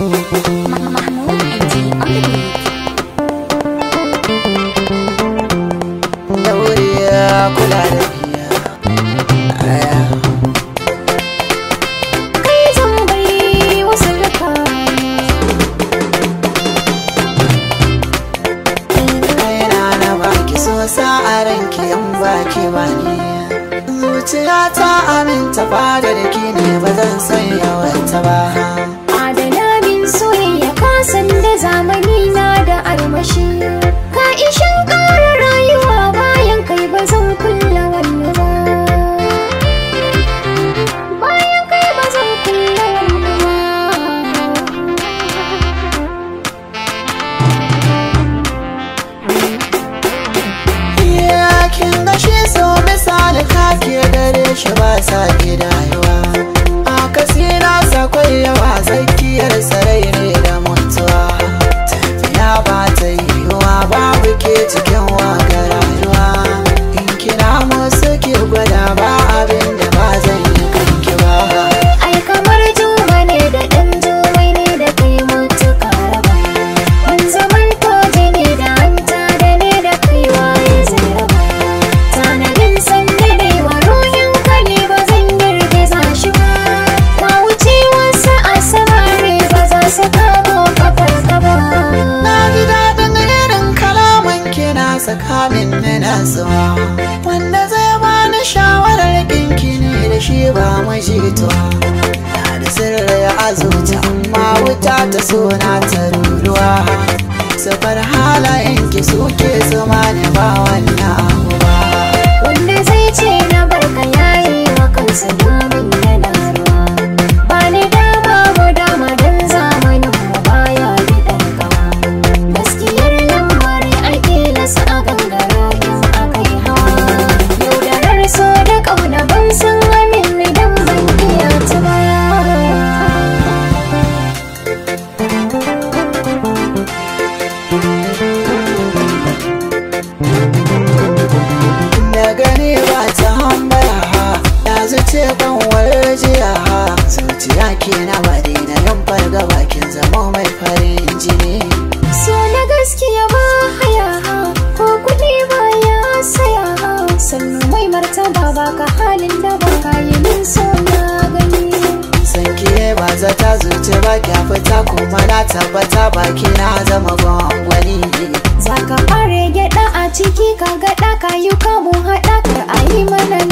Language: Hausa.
kula da biya aya kai tambayi wasu duka kaina na baki sosa a ranki yan baki ba ni zuciya ta aminta fada da ki ne ba zan sanya wata ba shi ba sa gida min yana wanda zai bani shawarar ɗinki ne da shi ba majito na da sirri a amma wuta ta so na ta ruruwa safar halayen ki suke zama ne ba Na gani ba ta hambara na zuce ban warjiya zuciya ke na bari na yan farga bakin zama mai farin jini. So na gaskiya ba haya ko kuɗi ba ya saya sannu mai martaba ba ka halin da ba ka yi min ba zata zuci ba kya fita kuma na tabbata baki na zama gwangwani zaka fare gyada a ciki ka gada ka yi haɗa ka ayi yi mana